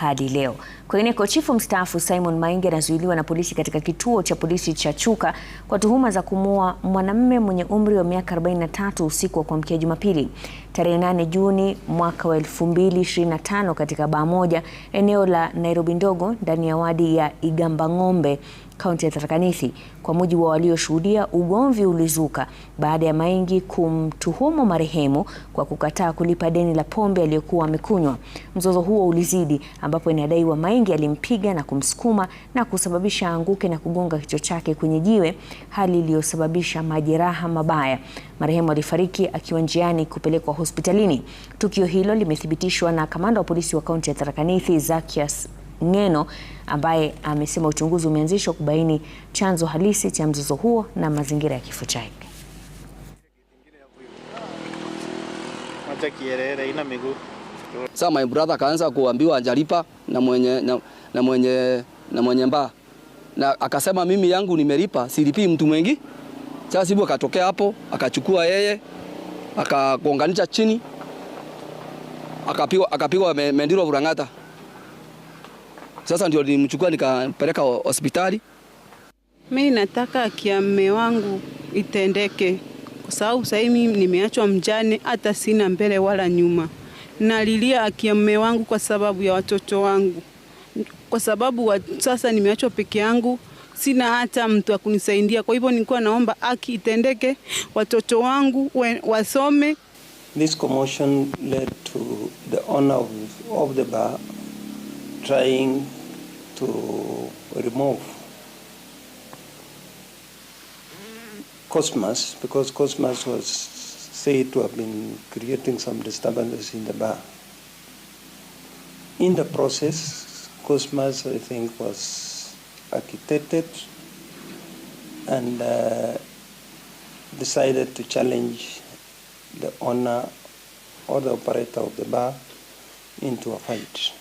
hadi leo. Kwingineko, chifu mstaafu Simon Maingi anazuiliwa na polisi katika kituo cha polisi cha Chuka kwa tuhuma za kumuua mwanamume mwenye umri wa miaka 43 usiku wa kuamkia Jumapili tarehe 8 Juni mwaka wa 2025 katika baa moja eneo la Nairobi ndogo ndani ya wadi ya igamba ng'ombe kaunti ya Tharaka Nithi. Kwa mujibu wa walioshuhudia, ugomvi ulizuka baada ya Maingi kumtuhumu marehemu kwa kukataa kulipa deni la pombe aliyokuwa amekunywa. Mzozo huo ulizidi ambapo inadaiwa Maingi alimpiga na kumsukuma na kusababisha anguke na kugonga kichwa chake kwenye jiwe, hali iliyosababisha majeraha mabaya. Marehemu alifariki akiwa njiani kupelekwa hospitalini. Tukio hilo limethibitishwa na kamanda wa polisi wa kaunti ya Tharaka Nithi Zakias Ng'eno ambaye amesema uchunguzi umeanzishwa kubaini chanzo halisi cha mzozo huo na mazingira ya kifo chake. Sasa my brother kaanza kuambiwa anjalipa na mwenye, na, na mwenye, na mwenye mbaa na akasema mimi yangu nimelipa, silipi mtu mwengi. Sasa sibu akatokea hapo akachukua yeye akagonganisha chini akapigwa, akapigwa Mendiro Burang'ata. Sasa ndio nilimchukua nikampeleka hospitali. Mi nataka haki ya mume wangu itendeke, kwa sababu sasa hivi nimeachwa mjane, hata sina mbele wala nyuma. Nalilia haki ya mume wangu kwa sababu ya watoto wangu, kwa sababu wa, sasa nimeachwa peke yangu, sina hata mtu akunisaidia. Kwa hivyo nilikuwa naomba haki itendeke, watoto wangu we, wasome. This commotion led to the owner of, of the bar trying to remove Cosmas because Cosmas was said to have been creating some disturbances in the bar. In the process, Cosmas, I think, was architected and uh, decided to challenge the owner or the operator of the bar into a fight.